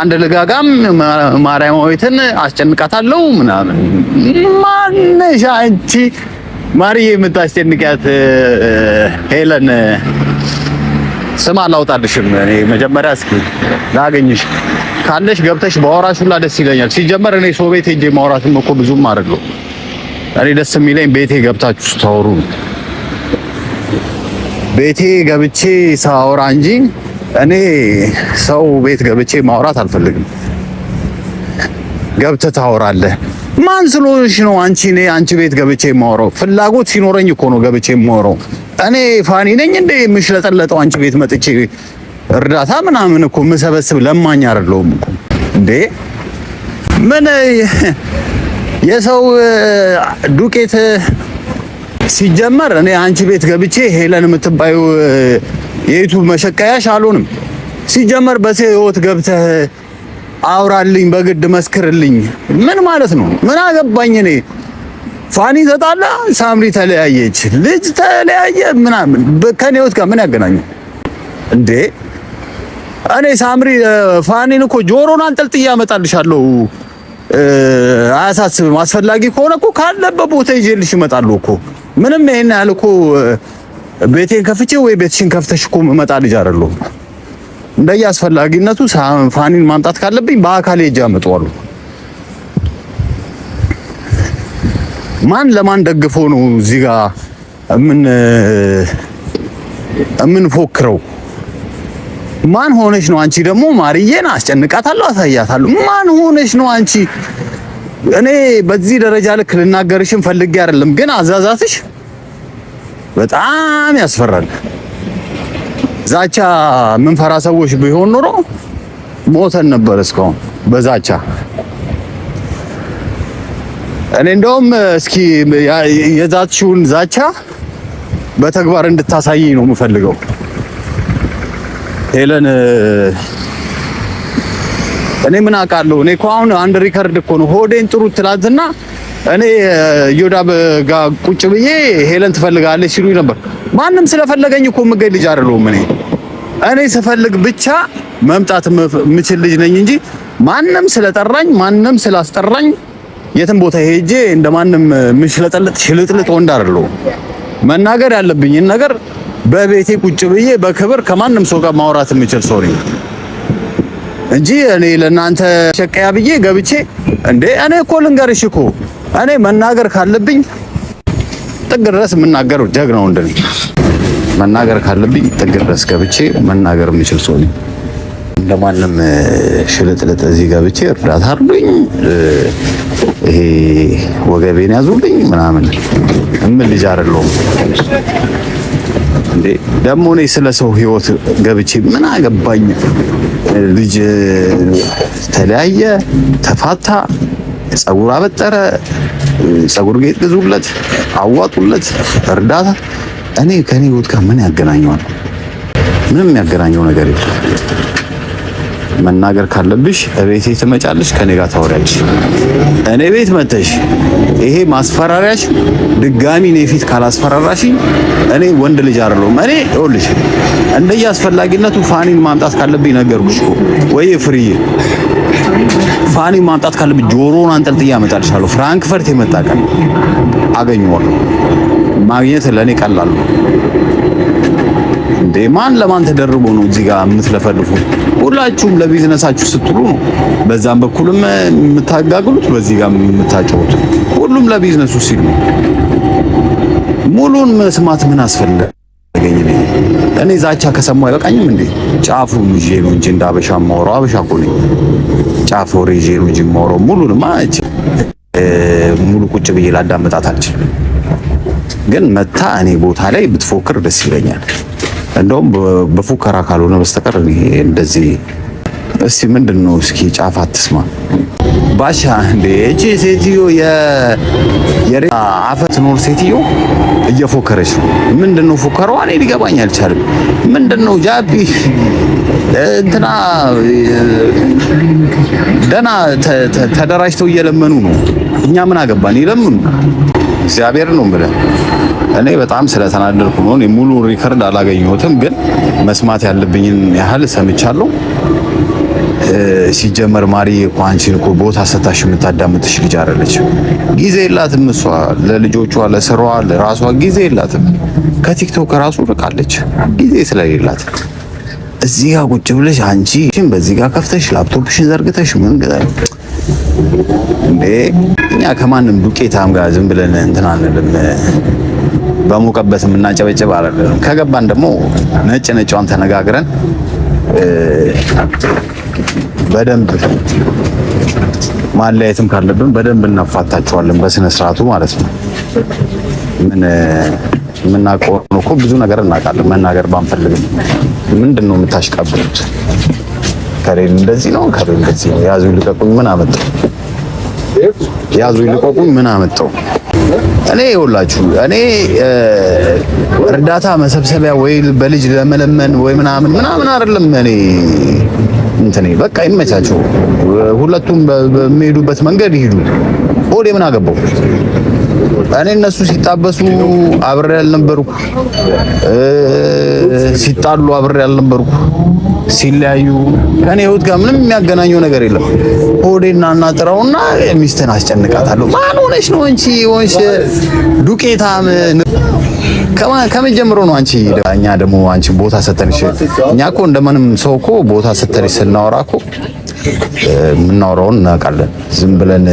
አንድ ልጋጋም ማርያማዊትን አስጨንቃታለሁ ምናምን። ማነሽ አንቺ ማርዬ የምታስጨንቂያት? ሄለን ስም አላውጣልሽም። እኔ መጀመሪያ እስኪ ላገኝሽ ካለሽ ገብተሽ ባወራሽ ሁላ ደስ ይለኛል። ሲጀመር እኔ ሰው ቤት ሄጄ ማውራትም እኮ ብዙም አይደለም። እኔ ደስ የሚለኝ ቤቴ ገብታችሁ ስታወሩ ቤቴ ገብቼ ሳወራ እንጂ እኔ ሰው ቤት ገብቼ ማውራት አልፈልግም። ገብተህ ታወራለህ። ማን ስለሆንሽ ነው አንቺ? እኔ አንቺ ቤት ገብቼ የማወራው ፍላጎት ሲኖረኝ እኮ ነው ገብቼ የማወራው። እኔ ፋኒ ነኝ እንዴ የምሽለጠለጠው? አንቺ ቤት መጥቼ እርዳታ ምናምን እኮ የምሰበስብ ለማኝ አይደለሁም እኮ እንዴ። ምን የሰው ዱቄት ሲጀመር እኔ አንቺ ቤት ገብቼ ሄለን የምትባዩ የዩቱብ መሸቀያሽ አልሆንም። ሲጀመር በሴ ህይወት ገብተህ አውራልኝ፣ በግድ መስክርልኝ ምን ማለት ነው? ምን አገባኝ እኔ። ፋኒ ተጣላ፣ ሳምሪ ተለያየች፣ ልጅ ተለያየ ምናምን ከኔ ህይወት ጋር ምን ያገናኘ እንዴ? እኔ ሳምሪ ፋኒን እኮ ጆሮን አንጠልጥዬ አመጣልሻለሁ። አያሳስብም። አስፈላጊ ከሆነ እኮ ካለበት ቦታ ይዤልሽ እመጣለሁ እኮ ምንም ይሄን ያህል እኮ ቤቴን ከፍቼ ወይ ቤትሽን ከፍተሽ እኮ መጣ ልጅ አይደለሁም። እንደየ አስፈላጊነቱ ፋኒን ማምጣት ካለብኝ በአካል ሄጄ አመጣዋለሁ። ማን ለማን ደግፎ ነው እዚህ ጋር ምን የምንፎክረው? ማን ሆነሽ ነው አንቺ ደግሞ ማርዬን አስጨንቃታለሁ፣ አሳያታለሁ። ማን ሆነሽ ነው አንቺ እኔ በዚህ ደረጃ ልክ ልናገርሽም ፈልጌ አይደለም፣ ግን አዛዛትሽ በጣም ያስፈራል። ዛቻ ምንፈራ ሰዎች ቢሆን ኖሮ ሞተን ነበር እስካሁን በዛቻ። እኔ እንደውም እስኪ የዛትሽውን ዛቻ በተግባር እንድታሳይኝ ነው የምፈልገው ሄለን እኔ ምን አውቃለሁ። እኔ እኮ አሁን አንድ ሪከርድ እኮ ነው ሆዴን ጥሩ ትላዝና እኔ ዮዳብ ጋር ቁጭ ብዬ ሄለን ትፈልጋለች ሲሉ ነበር። ማንም ስለፈለገኝ እኮ የምገኝ ልጅ አይደለሁም። እኔ እኔ ስፈልግ ብቻ መምጣት የምችል ልጅ ነኝ እንጂ ማንም ስለጠራኝ ማንም ስላስጠራኝ የትም ቦታ ሄጄ እንደማንም ምሽለጠለጥ ሽልጥልጥ ወንድ አይደለሁም። መናገር ያለብኝን ነገር በቤቴ ቁጭ ብዬ በክብር ከማንም ሰው ጋር ማውራት የምችል ሰው ነኝ። እንጂ እኔ ለእናንተ ሸቀያ ብዬ ገብቼ እንዴ እኔ እኮ ልንገርሽ እኮ እኔ መናገር ካለብኝ ጥግ ድረስ የምናገር ጀግናው እንደኔ መናገር ካለብኝ ጥግ ድረስ ገብቼ መናገር የምችል ሰው ነኝ። እንደማንም ሽልጥልጥ እዚህ ገብቼ እርዳታ አድርጉኝ፣ ይሄ ወገቤን ያዙልኝ ምናምን እምል ልጅ አይደለሁም። እንዴ ደግሞ እኔ ስለ ሰው ህይወት ገብቼ ምን አገባኝ? ልጅ ተለያየ፣ ተፋታ፣ ፀጉር አበጠረ፣ ፀጉር ጌጥ ግዙለት፣ አዋጡለት፣ እርዳታ። እኔ ከኔ ህይወት ጋር ምን ያገናኘዋል? ምንም ያገናኘው ነገር የለም። መናገር ካለብሽ እቤቴ ትመጫለሽ፣ ከኔ ጋር ታወሪያለሽ። እኔ ቤት መተሽ ይሄ ማስፈራሪያሽ ድጋሚ እኔ ፊት ካላስፈራራሽ እኔ ወንድ ልጅ አይደለሁም። እኔ ይኸውልሽ እንደየ አስፈላጊነቱ ፋኒን ማምጣት ካለብኝ ነገርኩሽ እኮ ወይ ፍሪዬ ፋኒ ማምጣት ካለብኝ ጆሮውን አንጠልጥዬ አመጣልሻለሁ። ፍራንክፈርት የመጣ ቀን አገኘዋለሁ። ማግኘት ለእኔ ቀላል ነው። እንዴ ማን ለማን ተደርጎ ነው እዚህ ጋር የምትለፈልፉ? ሁላችሁም ለቢዝነሳችሁ ስትሉ ነው በዛም በኩልም የምታጋግሉት፣ በዚህ ጋር የምታጫወቱ ሁሉም ለቢዝነሱ ሲሉ ሙሉን መስማት ምን አስፈለገኝ? እኔ ዛቻ ከሰሙ አይበቃኝም እንዴ? ጫፉ ይዤ ነው እንጂ እንደ አበሻ የማወራው አበሻ እኮ ነኝ። ጫፍ ይዤ ነው እንጂ የማወራው ሙሉንማ ሙሉ ቁጭ ብዬ ላዳመጣት አልችልም። ግን መታ እኔ ቦታ ላይ ብትፎክር ደስ ይለኛል። እንደውም በፉከራ ካልሆነ በስተቀር እንደዚህ እስቲ ምንድን ነው እስኪ ጫፍ አትስማ ባሻ እንዴ እቺ ሴትዮ የሬ አፈት ኖር ሴትዮ እየፎከረች ነው። ምንድን ነው ፉከራዋ? እኔ ሊገባኝ አልቻለም። ምንድን ነው ጃቢ እንትና ደና ተደራጅተው እየለመኑ ነው። እኛ ምን አገባን? ይለምኑ። እግዚአብሔር ነው ብለን እኔ በጣም ስለተናደድኩ ነው። እኔ ሙሉ ሪከርድ አላገኘሁትም፣ ግን መስማት ያለብኝን ያህል ሰምቻለሁ። ሲጀመር ማሪ እኮ አንቺን እኮ ቦታ ሰታሽ የምታዳምጥሽ ልጅ አይደለች። ጊዜ የላትም እሷ ለልጆቿ፣ ለስሯ፣ ለራሷ ጊዜ የላትም። ከቲክቶክ ራሱ ርቃለች ጊዜ ስለሌላት እዚህ ጋር ቁጭ ብለሽ አንቺ በዚህ ጋር ከፍተሽ ላፕቶፕሽን ዘርግተሽ ምን እንዴ እኛ ከማንም ዱቄታም ጋር ዝም ብለን እንትን አንልም። በሞቀበት የምናጨበጭብ አይደለም። ከገባን ደግሞ ነጭ ነጫውን ተነጋግረን በደንብ ማለያየትም ካለብን በደንብ እናፋታቸዋለን በስነ ስርዓቱ ማለት ነው። ምን የምናውቀው እኮ ብዙ ነገር እናውቃለን። መናገር ባንፈልግም ምንድን ነው የምታሽቃብሉት? ከሌል እንደዚህ ነው፣ ከሌል እንደዚህ ነው። ያዙ ይልቀቁኝ ምን አመጣው? ያዙ ይልቀቁኝ ምን አመጣው? እኔ ይኸውላችሁ እኔ እርዳታ መሰብሰቢያ ወይ በልጅ ለመለመን ወይ ምናምን ምናምን አይደለም። እኔ እንትኔ በቃ ይመቻቸው፣ ሁለቱም በሚሄዱበት መንገድ ይሄዱ። ኦዴ ምን አገባው? እኔ እነሱ ሲጣበሱ አብሬ አልነበርኩ፣ ሲጣሉ አብሬ አልነበርኩ፣ ሲለያዩ ከኔ ህይወት ጋር ምንም የሚያገናኘው ነገር የለም። ሆዴና እና ጥራውና ሚስትን አስጨንቃታለሁ። ማን ሆነሽ ነው አንቺ? ወንሽ ዱቄታም ከምን ጀምሮ ነው አንቺ? እኛ ደግሞ አንቺ ቦታ ሰተንሽ። እኛ እኮ እንደምንም ሰው እኮ ቦታ ሰተንሽ ስናወራ እኮ የምናወራውን እናውቃለን። ዝም ብለን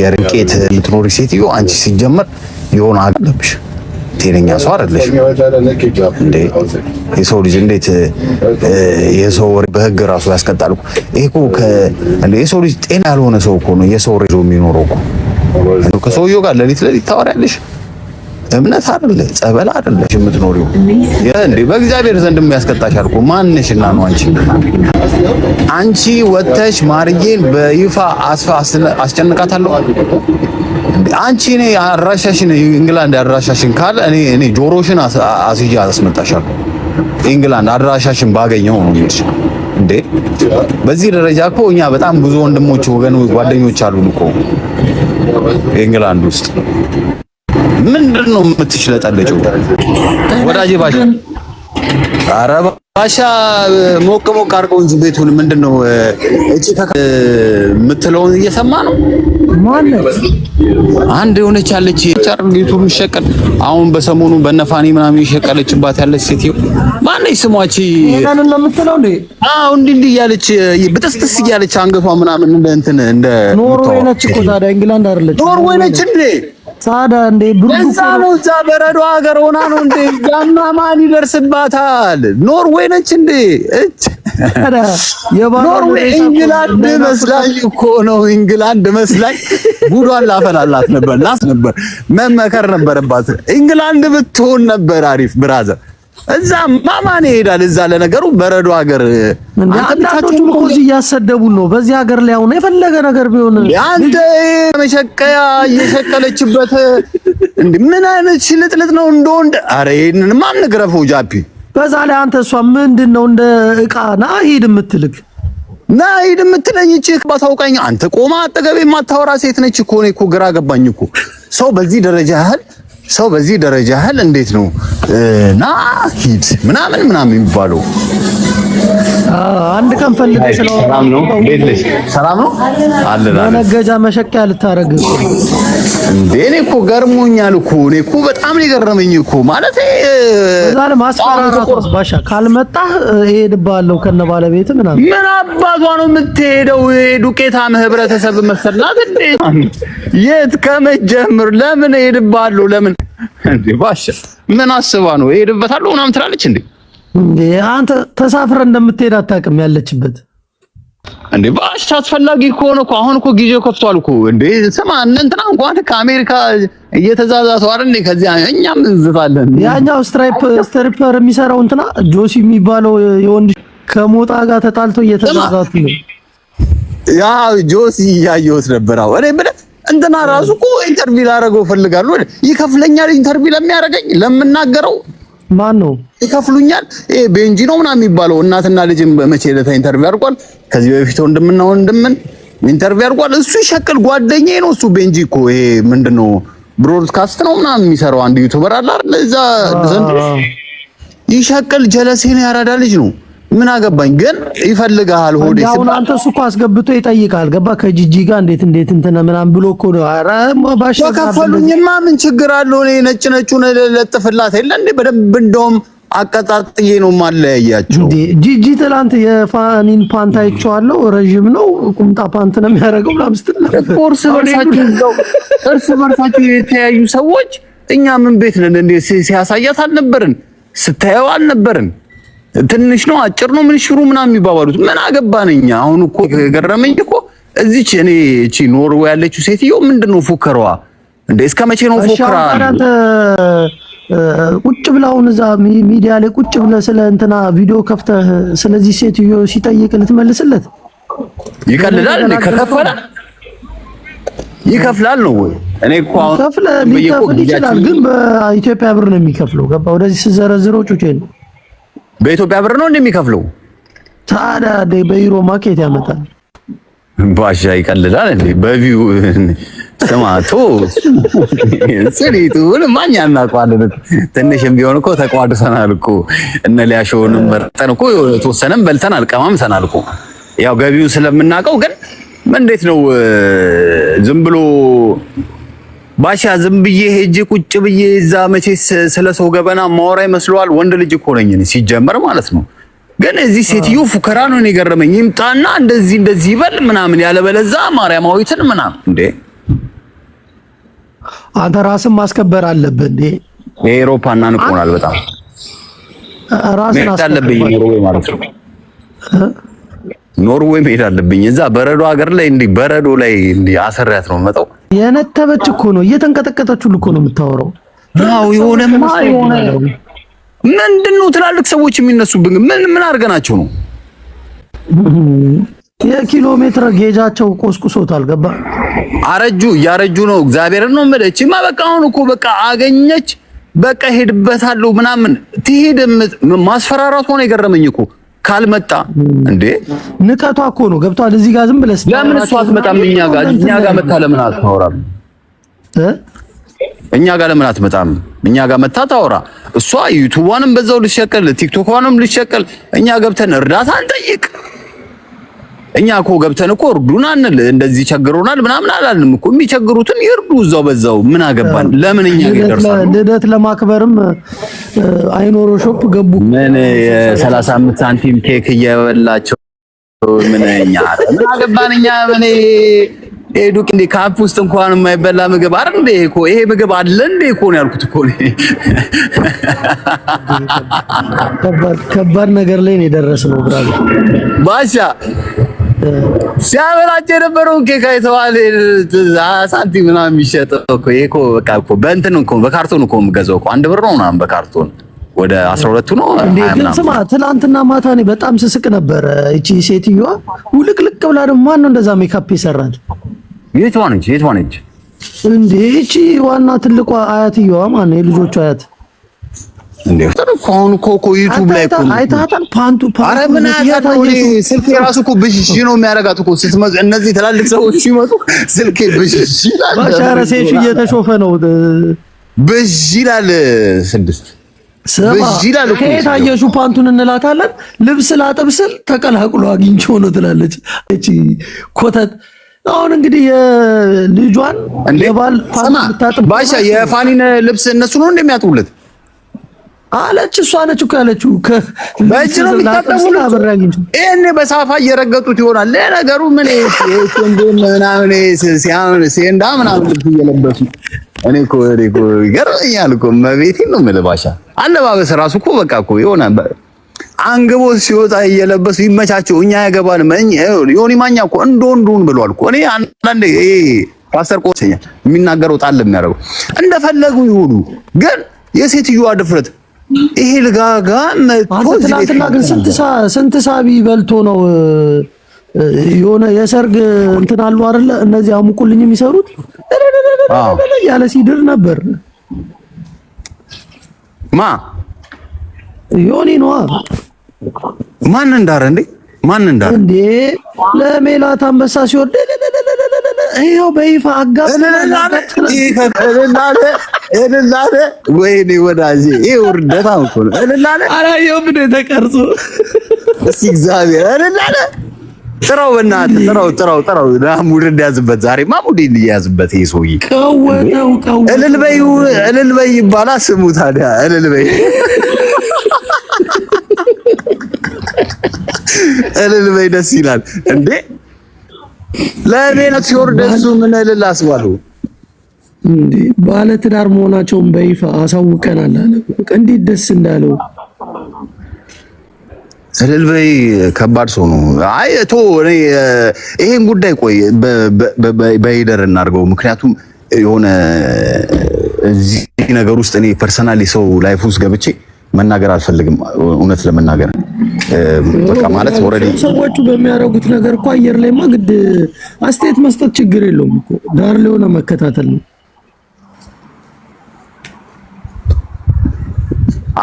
የርቄት የምትኖሪ ሴትዮ አንቺ ሲጀመር የሆነ አለብሽ። ጤነኛ ሰው አይደለሽ እንዴ! የሰው ልጅ እንዴት የሰው ወሬ በህግ ራሱ ያስቀጣል። ይሄ እኮ የሰው ልጅ ጤና ያልሆነ ሰው እኮ ነው የሰው ወሬ የሚኖረው እኮ ከሰውየው ጋር ለሊት ለሊት ታወሪያለሽ። እምነት አይደለ ጸበል አይደለ የምትኖሪው እንዴ? በእግዚአብሔር ዘንድ የሚያስቀጣሽ አልኩ። ማንሽና ነው አንቺ? አንቺ ወተሽ ማርዬን በይፋ አስጨንቃታለሁ። አንቺ እኔ አድራሻሽን እንግላንድ አድራሻሽን ካለ እኔ እኔ ጆሮሽን አስይዤ አስመጣሻለሁ። ኢንግላንድ አድራሻሽን ባገኘው ነው እንጂ እንዴ በዚህ ደረጃ እኮ እኛ በጣም ብዙ ወንድሞች፣ ወገኖች፣ ጓደኞች አሉን እኮ ኢንግላንድ ውስጥ ምንድን ነው የምትሽለጠለጨው? ወዳጄ ባሻ፣ ኧረ ባሻ ሞቅ ሞቅ አድርገው እንጂ ቤቱን ምንድን ነው እቺ የምትለውን እየሰማ ነው። አንድ የሆነች አለች ቻር ቤቱ የሚሸቀል አሁን በሰሞኑ በነፋኒ ምናምን የሸቀለችባት ያለች ሴትዮ ማነች ስሟች? አዎ እንዲህ እንዲህ እያለች ብጥስጥስ እያለች አንገቷ ምናምን እንደ እንትን እንደ ኖርዌይ ነች እኮ ታዲያ፣ እንግላንድ አይደለች ኖርዌይ ነች እንዴ? ሳዳ እንዴ ብሩክ ነው። እዛ በረዶ ሀገር ሆና ነው እንዴ? ያማ ማን ይደርስባታል? ኖርዌይ ነች እንዴ? እች ኖርዌይ ኢንግላንድ መስላኝ እኮ ነው። ኢንግላንድ መስላኝ ጉዷን ላፈላላት ነበር፣ ላስ ነበር፣ መመከር ነበረባት። ኢንግላንድ ብትሆን ነበር አሪፍ ብራዘር እዛ ማማን ይሄዳል። እዛ ለነገሩ በረዶ ሀገር አንዳንዶቹም እኮ እዚህ እያሰደቡን ነው። በዚህ ሀገር ላይ አሁን የፈለገ ነገር ቢሆን አንተ መሸቀያ እየሸቀለችበት እንዴ? ምን አይነት ሽልጥልጥ ነው እንደ ወንድ። ኧረ ይሄንን ማን ንግረፈው ጃፒ። በዛ ላይ አንተ እሷ ምንድን ነው እንደ እቃ ና ሂድ የምትልክ ና ሂድ የምትለኝ እቺ ባታውቃኝ አንተ ቆማ አጠገቤ የማታወራ ሴት ነች እኮ። እኔ እኮ ግራ ገባኝ እኮ ሰው በዚህ ደረጃ ያህል ሰው በዚህ ደረጃ ያህል እንዴት ነው ና ሂድ ምናምን ምናምን የሚባለው አንድ ቀን ፈልገህ ስለሆነ ሰላም ነው። ቤት ልጅ ሰላም ነው አለ መነገጃ መሸቂያ ልታረግ እንዴ? እኔ እኮ ገርሞኛል እኮ እኔ እኮ በጣም ነው የገረመኝ እኮ ማለት ዛሬ ማስፈራራት ባሻ ካልመጣህ እሄድብሃለሁ ከነ ባለቤት ምናምን። ምን አባቷ ነው የምትሄደው? ዱቄታ ህብረተሰብ መሰላት እንዴ? የት ከመጀመር ለምን እሄድብሃለሁ ለምን እንዴ? ባሻ ምን አስባ ነው እሄድበታለሁ ምናምን ትላለች እንዴ? አንተ ተሳፍረ እንደምትሄድ አታውቅም። ያለችበት እንዴ ባሽ አስፈላጊ ከሆነ እኮ አሁን እኮ ጊዜ ከፍቷል እኮ እንዴ ስማ፣ እንትና እንኳን ከአሜሪካ እየተዛዛተው አይደል እንዴ? ከዚህ እኛም እንዝፋለን ያኛው ስትራይፕ ስትሪፐር የሚሰራው እንትና ጆሲ የሚባለው የወንድ ከሞጣ ጋር ተጣልቶ እየተዛዛቱ ነው። ያ ጆሲ እያየሁት ነበር። አዎ እኔ ብለ እንትና ራሱ እኮ ኢንተርቪው ላደርገው እፈልጋለሁ። ይከፍለኛል ኢንተርቪው ለሚያደርገኝ ለምናገረው ማን ነው ይከፍሉኛል? ይሄ ቤንጂ ነው ምናምን የሚባለው እናትና ልጅ መቼ ለታ ኢንተርቪው አድርጓል። ከዚህ በፊት ወንድምና ወንድምን ኢንተርቪው አድርጓል። እሱ ይሸቅል ጓደኛዬ ነው እሱ ቤንጂ እኮ ይሄ ምንድን ነው ብሮድካስት ነው ምናምን የሚሰራው አንድ ዩቲዩበር አለ አይደል? እዛ ዘንድ ይሸቅል ጀለሴ ነው ያራዳ ልጅ ነው ምን አገባኝ ግን ይፈልጋል። ሆዴ ሲባል አንተ እሱ እኮ አስገብቶ ይጠይቃል። ገባ ከጂጂ ጋር እንዴት እንዴት እንትን ምናምን ብሎ እኮ ነው። ኧረ ባሽ ከከፈሉኝማ ምን ችግር አለው? እኔ ነጭ ነጩን ለጥፍላት የለ እንዴ? በደንብ እንደውም አቀጣጥዬ ነው ማለያያቸው። ጂጂ ትላንት የፋኒን ፓንት አይቼዋለሁ። ረዥም ነው ቁምጣ ፓንት ነው የሚያደርገው። ላምስት እርስ በርሳቸው እርስ በርሳቸው የተለያዩ ሰዎች እኛ ምን ቤት ነን እንዴ? ሲያሳያት አልነበርን ስታየው አልነበርን ትንሽ ነው አጭር ነው ምን ሽሩ ምናምን የሚባባሉት ምን አገባንኛ። አሁን እኮ ገረመኝ እኮ እዚች እኔ እቺ ኖርዌይ ያለችው ሴትዮ ምንድን ነው ፉከራዋ እንዴ? እስከ መቼ ነው ፉከራ? ቁጭ ብለህ አሁን እዛ ሚዲያ ላይ ቁጭ ብለህ ስለ እንትና ቪዲዮ ከፍተህ ስለዚህ ሴትዮ ሲጠይቅ ልትመልስለት ይቀልላል እንዴ? ከከፈለ ይከፍላል ነው ወይ? እኔ እኮ አሁን ከፍለ ሊከፍል ይችላል፣ ግን በኢትዮጵያ ብር ነው የሚከፍለው። ገባ ወደዚህ ስዘረዝረው ጩጬ ነው በኢትዮጵያ ብር ነው እንደሚከፍለው። ታዲያ በዩሮ ማኬት ያመጣል። ባሻ ይቀልላል እንዴ? በቪው ስማቶ ስሪቱን ማኛ እናውቀዋለን። ትንሽም ቢሆን እኮ ተቋድሰናል እኮ እነ ሊያሾውንም መርጠን እኮ የተወሰነም በልተናል፣ ቀማምሰናል እኮ ያው ገቢውን ስለምናውቀው። ግን እንዴት ነው ዝም ብሎ ባሻ ዝም ብዬ ሄጄ ቁጭ ብዬ እዛ መቼ ስለ ሰው ገበና ማወራ ይመስለዋል? ወንድ ልጅ እኮ ነኝ እኔ ሲጀመር ማለት ነው። ግን እዚህ ሴትዮ ፉከራ ነው የገረመኝ። ይምጣና እንደዚህ እንደዚህ ይበል ምናምን፣ ያለበለዛ ማርያማዊትን ምናምን። እንዴ አንተ ራስን ማስከበር አለብህ እንዴ። የአውሮፓ እና ንቆናል በጣም ራስን አለብኝ። ኖርዌይ ማለት ነው። ኖርዌይ መሄድ አለብኝ። እዛ በረዶ ሀገር ላይ እንዲህ በረዶ ላይ እንዲህ አሰሪያት ነው መጣው የነተበች እኮ ነው እየተንቀጠቀጠች ሁሉ እኮ ነው የምታወራው። አዎ የሆነ ምንድን ነው ትላልቅ ሰዎች የሚነሱብን ምን ምን አድርገናቸው ነው? የኪሎ ሜትር ጌጃቸው ቆስቁሶታል። ገባ አረጁ እያረጁ ነው። እግዚአብሔርን ነው የምልህ። እቺማ በቃ አሁን እኮ በቃ አገኘች በቃ ሄድበታለሁ ምናምን ትሄድ ማስፈራራት ሆነ የገረመኝ እኮ ካልመጣ እንዴ ንቀቷ እኮ ነው። ገብቷል። እዚህ ጋር ዝም ብለህ ለምን እሷ አትመጣም? እኛ ጋር እኛ ጋር መታ ለምን አታወራም? እኛ ጋር ለምን አትመጣም? እኛ ጋር መታ ታወራ። እሷ ዩቱቧንም በዛው ልሸቀል፣ ቲክቶኳንም ልሸቀል። እኛ ገብተን እርዳታ እንጠይቅ። እኛ እኮ ገብተን እኮ እርዱን አንል እንደዚህ ቸግሮናል ምናምን አላልንም እኮ። የሚቸግሩትን ይርዱ እዛው በዛው ምን አገባን? ለምን እኛ ይደርሳል። ልደት ለማክበርም አይኖሮ ሾፕ ገቡ። ምን የሰላሳ አምስት ሳንቲም ኬክ እየበላቸው ምን እኛ ምን አገባን እኛ ምን ዱቅ እንዴ ካምፕ ውስጥ እንኳን የማይበላ ምግብ አይደል እንዴ? እኮ ይሄ ምግብ አለ እንዴ እኮ ነው ያልኩት እኮ ነው። ከባድ ነገር ላይ ነው የደረስነው ብራዘር ባሻ ሲያበላቸው የነበረውን ኬክ አይተዋል። ሳንቲም ምናምን የሚሸጠው እኮ ይሄ እኮ በቃ እኮ በእንትን እኮ በካርቶን እኮ የምገዛው እኮ አንድ ብር ነው ምናምን በካርቶን ወደ 12ቱ ነው እንዴ? ግን ስማ፣ ትላንትና ማታ እኔ በጣም ስስቅ ነበረ። እቺ ሴትዮዋ ውልቅልቅ ብላ ደግሞ ማን ነው እንደዛ ሜካፕ የሰራት? የት ዋነች? የት ዋነች? እንዴ እቺ ዋና ትልቋ አያትየዋ ማን የልጆቹ አያት ዩቱብ ላይ እኮ ብዥ ነው የሚያደርጋት እኮ ስትመጡ፣ እነዚህ ትላልቅ ሰዎች ሲመጡ ይላል። ባሻረ እየተሾፈ ነው፣ ይላል። ስድስት ከየት ፓንቱን እንላታለን። ልብስ ላጥብ ስል ተቀላቅሎ አግኝቼው ነው ትላለች። እቺ ኮተት አሁን እንግዲህ የልጇን የባል ፓንት ታጥብ ባሻ የፋኒን ልብስ እነሱ ነው እንደሚያጥቡለት አለች እሷ ነች እኮ ያለችው። በእጅ ነው የሚታጠቡት። ይሄን በሳፋ እየረገጡት ይሆናል። ለነገሩ ምን ምናምን ሴንዳ ምናምን ልብስ እየለበሱ እኔ እኮ እኔ እኮ ይገርመኛል እኮ መቤቴን ነው የምልባሻ። አለባበስ ራሱ እኮ በቃ እኮ የሆነ አንግቦ ሲወጣ እየለበሱ ይመቻቸው። እኛ ያገባል ዮኒ ማኛ እኮ እንደ ወንዱን ብሏል እኮ። እኔ አንዳንድ አንዳንዴ ፓስተር ቆሰኛ የሚናገረው ጣል የሚያደርገው እንደፈለጉ ይሁኑ፣ ግን የሴትዮዋ ድፍረት ይሄ ልጋጋ ትናንትና ግን ስንት ሳቢ በልቶ ነው የሆነ የሰርግ እንትን አሉ አይደለ? እነዚህ አሙቁልኝ የሚሰሩት ያለ ሲድር ነበር። ማ ዮኒ ነዋ። ማን እንዳረ እንዴ? ማን እንዳረ እንዴ? ለሜላት አንበሳ ሲወርድ ይኸው በይፋ አጋእልላለ ወይኔ ወዳጄ ይህ ውርደታ እኮ ነው። እልላለ አላየሁም እንደ ተቀርጾ እስኪ እግዚአብሔር እልላለ ጥራው በእናትህ ጥራው ጥራው ጥራው። ሙድ እንዲያዝበት ዛሬማ ሙድ እንዲያዝበት ይሄ ሰውዬ ቀወጠው። እልል በይ እልል በይ ይባላል ስሙ። ታዲያ እልል በይ እልል በይ ደስ ይላል እንዴ! ለእኔ ነው ሲወርድ እሱ ምን ልል አስባሉ። እንዴ ባለ ትዳር መሆናቸውን በይፋ አሳውቀናል አለ። እንዴት ደስ እንዳለው እልል በይ። ከባድ ሰው ነው። አይ እቶ እኔ ይሄን ጉዳይ ቆይ በይደር እናድርገው። ምክንያቱም የሆነ እዚህ ነገር ውስጥ እኔ ፐርሰናሊ ሰው ላይፍ ውስጥ ገብቼ መናገር አልፈልግም። እውነት ለመናገር በቃ ማለት ኦልሬዲ ሰዎቹ በሚያደርጉት ነገር እኮ አየር ላይ ግድ አስተያየት መስጠት ችግር የለውም እኮ ዳር ሊሆነ መከታተል ነው።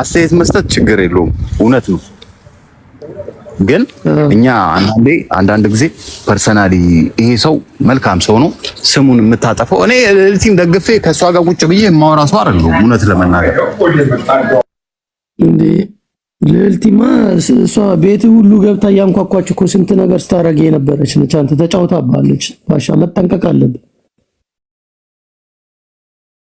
አስተያየት መስጠት ችግር የለውም እውነት ነው። ግን እኛ አንዳንዴ አንዳንድ ጊዜ ፐርሰናሊ ይሄ ሰው መልካም ሰው ነው ስሙን የምታጠፈው እኔ ልቲም ደግፌ ከእሷ ጋር ቁጭ ብዬ የማወራ ሰው አይደለሁም እውነት ለመናገር እንዴ ልዕልቲማ እሷ ቤት ሁሉ ገብታ እያንኳኳች እኮ ስንት ነገር ስታረግ የነበረች ነች። አንተ ተጫውታባለች። ባሻ መጠንቀቅ አለብን።